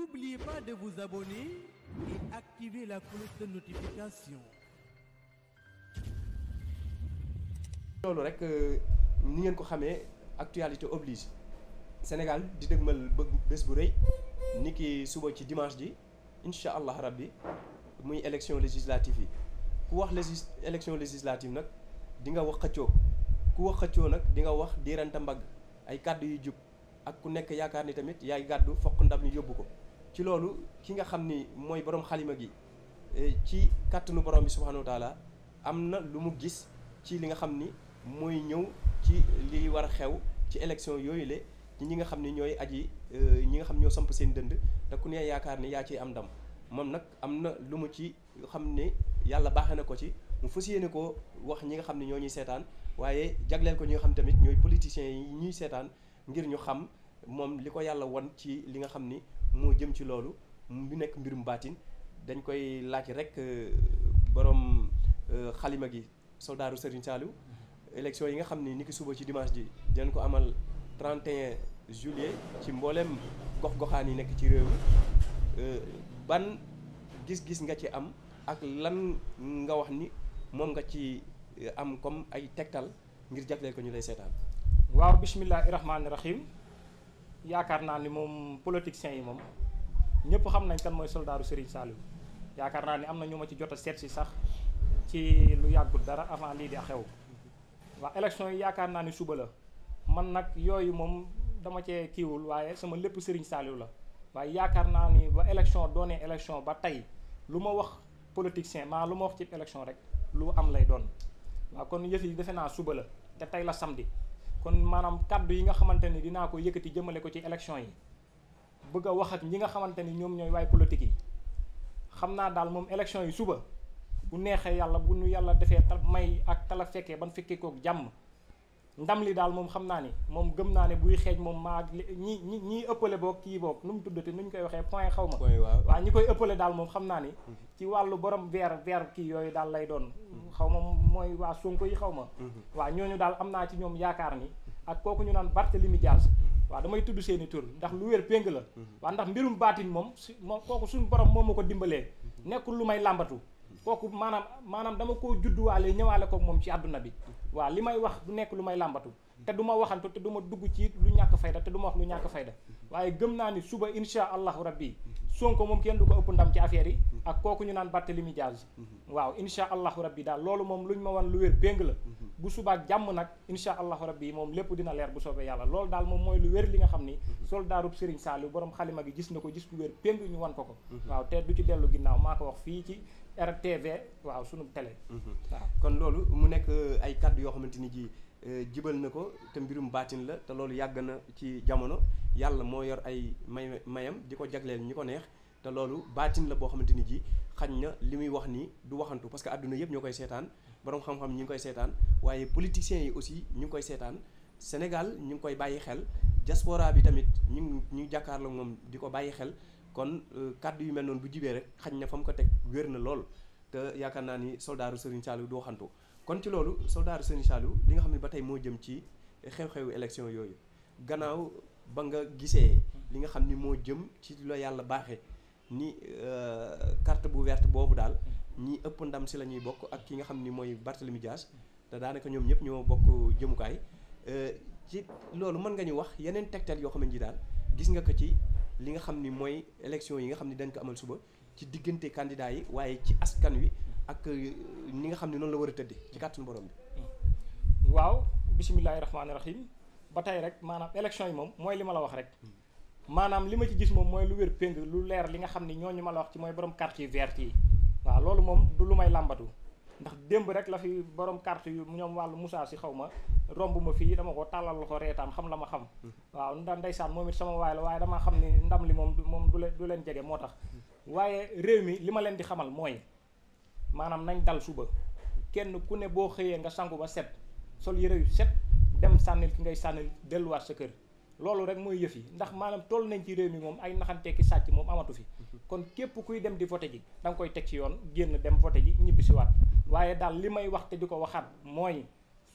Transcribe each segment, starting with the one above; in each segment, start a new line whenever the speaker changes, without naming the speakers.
N'oubliez pas de vous abonner et activer la cloche de
notification.
loolu rek euh, ni ngeen ko xamee actualité oblige Sénégal di dëgmal bés bu rëy ni ki suba ci dimanche ji incha allah rabbi muy élection législative yi ku wax légis élection législative nag di nga wax xëccoo ku wax xëccoo nag di nga wax diirante mbag ay kàddu yu jub ak ku nekk yaakaar ni tamit yaay gàddu fokk ndam ñu yóbbu ko ci loolu ki nga xam ni mooy borom xalima gi eh, ci kàttanu borom bi subhanahu wa taala am na lu mu gis ci li nga xam ni mooy ñëw ci li war a xew ci élection yooyu le ci ñi nga xam ni ñooy aji eh, ñi nga xam ñoo samp seen dënd te ku nee yaakaar ni yaa ciy am dam moom nag am na lu mu ci xam ni yàlla baaxee na ko ci mu fas yéene ko wax ñi nga xam ni ñoo ñuy seetaan waaye jagleel ko ñi nga xam tamit ñooy politiciens yi ñuy seetaan ngir ñu xam mom li ko yàlla won ci li nga xamni mo jëm ci lolu mu nek mbirum baatin dañ koy laaj rek euh, borom khalima euh, gi soldaaru Serigne thialou election yi nga xamni ni suba ci dimanche ji dañ ko amal 31 juillet ci mbollem gox goxani nek ci rew euh, ban gis-gis nga ci am ak lan nga wax ni mom nga ci am comme ay tektal ngir jagleel ko ñu
lay seetaan waaw bismillahir rahmanir rahim yaakaar naa ni moom politiciens yi moom ñëpp xam nañ kan mooy soldaaru Serigne Saliou yaakaar naa ni am na ñu ma ci jot a seet si sax ci lu yàggul dara avant lii di xew waa élection yi yaakaar naa ni suba la man nag yooyu moom dama cee kiiwul waaye sama lépp Serigne Saliou la waaye yaakaar naa ni ba élection doonee élection ba tey lu ma wax politicien maa lu ma wax ci élection rek lu am lay doon waaw kon yëf yi defe naa suba la te tey la samedi kon maanaam kàddu yi nga xamante ni dinaa ko yëkkati jëmale ko ci élection yi bëgg a wax ak ñi nga xamante ni ñoom ñooy waay politique yi xam naa daal moom élection yi suba bu neexee yàlla bu ñu yàlla defee tal may ak tala fekkee ban fekkee kook jàmm ndam li daal moom xam naa ni moom gëm naa ne buy xeej moom maa ñi ñi ñiy ëppale boo kii boog nu mu tuddati nu ñu koy waxee point xaw ma waaw ñi koy ëppale daal moom xam naa ni mhm. ci wàllu borom veer veer kii yooyu daal lay doon mhm. xaw ma mooy waa Sonko yi xaw ma mhm. waaw ñooñu daal am naa ci ñoom yaakaar ni ak kooku ñu naan Barthélemy Dias waaw damay tudd seeni tur ndax lu wér péng la waaw ndax mbirum baatin moom su moom kooku suñu borom moo ma ko dimbalee nekkul lu may làmbatu kooku maanaam maanaam dama koo judduwaale ñëwaale ko moom ci àdduna bi waa li may wax du nekk lu may làmbatu te du ma waxantu te du ma dugg ci lu ñàkk fayda te du ma wax lu ñàkk fayda waaye gëm naa ni suba insha allahu rabbi Sonko moom kenn du ko ëpp ndam ci affaire yi ak kooku ñu naan Barthélemy Diaz waaw insha allahu rabbi daal loolu moom luñ ma wan lu wér péng la bu subaa jàmm nag insha allahu rabbi moom lépp dina leer bu soobee yàlla loolu daal moom mooy lu wér nga xam ni soldaarub Serigne Saliou borom xalima gi gis na ko gis ku wér péng ñu wan ko ko mhm. waaw te du ci dellu ginnaaw maa ko wax fii ci RTV waaw sunu télé mhm. waaw kon loolu mu nekk euh, ay kàddu yoo xamante ni ji euh, jibal
na ko te mbirum baatin la te loolu yàgg na ci jamono yàlla moo yor ay may mayam di ko jagleel ñi ko neex te loolu baatin la boo xamante ni ji xañ na li muy wax nii du waxantu parce que àdduna yëpp ñoo koy seetaan borom xam-xam ñu ngi koy seetaan waaye politiciens yi aussi ñu ngi koy seetaan Sénégal ñu ngi koy bàyyi xel diaspora bi tamit ñu ngi ñu jàkkaarloo moom di ko bàyyi xel kon euh, kàddu yu mel noonu bu jibee rek xañ na fa mu ko teg wér na lool te yaakaar naa ni soldaaru Serigne Saliou doo xantu kon ci loolu soldaaru Serigne Saliou li nga xam ne ba tey moo jëm ci xew-xewu yooyu gannaaw ba nga gisee li nga xam ni moo jëm ci la yàlla baaxee ni euh, carte bu verte boobu daal ñi ëpp ndam si la ñuy bokk ak ki nga xam ni mooy Barthélemy Dias te daanaka ñoom ñëpp ñoo bokk jëmukaay euh, ci loolu mën nga ñu wax yeneen tegtal yoo xam ne ji daal gis nga ko ci li nga xam ni mooy élection yi nga xam ni dañ ko amal suba ci diggante candidat yi waaye ci askan wi
ak euh, ni nga xam ne noonu la war a tëddee ci kàttanu borom bi. Hmm. waaw bisimilahi rahmaani rahim ba tey rek maanaam élection yi moom mooy li ma la wax rek. Hmm. maanaam li ma ci gis moom mooy lu wér péng lu leer li nga xam ni ñooñu ma la wax ci mooy borom carte yu verte yi hmm. waaw loolu moom du lu may làmbatu. ndax démb rek la fi borom kart yu ñoom wàllu Moussa si xaw ma romb ma fii dama ko tàllal loxo reetaan xam la ma xam hmm. waaw ndax ndeysaan moom it sama waay damaa xam ni ndam li moom moom du leen jege moo tax hmm. waaye réew mi li ma leen di xamal mooy maanaam nañ dal suba kenn ku ne boo xëyee nga sangu ba set sol yëre yu set dem sànnil ki ngay sànnil delluwaat sa kër loolu rek mooy yëf yi ndax maanaam toll nañ ci réew mi moom ay naxanteeki sàcc moom amatu fi hmm. kon képp kuy dem di vote ji danga koy teg ci yoon génn dem vote ji ñibbisiwaat waye dal limay wax te diko waxat moy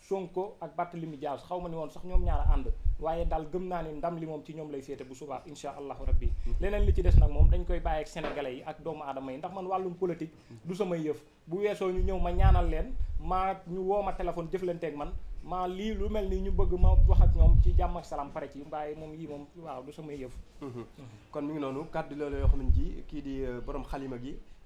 Sonko ak Barthélemy Dias xawma ni won sax ñom ñaara and waye dal gëm na ni ndam li moom ci ñom lay féete bu suba insha allah rabbi leneen li ci dess nak mom dañ koy baye ak sénégalais yi ak doomu adamay yi ndax man walum politique du sama yëf bu wéso ñu ñew ma ñaanal leen ma ñu woo ma téléphone ak man ma li lu melni ñu bëgg ma wax ak ñom ci jamm ak salam paré ci mbaaye mom yi mom waaw du sama yëf
mhm. kon mi ngi nonu kaddu lolé ji ki di euh, borom khalima gi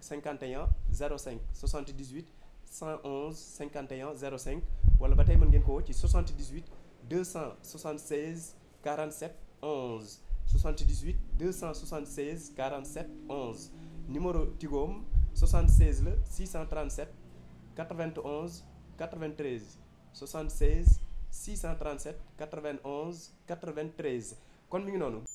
51 05 78 111 51 05 wala à man ngeen ko 78 276 47 11 78 276 47 11 numéro Tigom 76 le 637 91 93 76 637 91 93 kon mi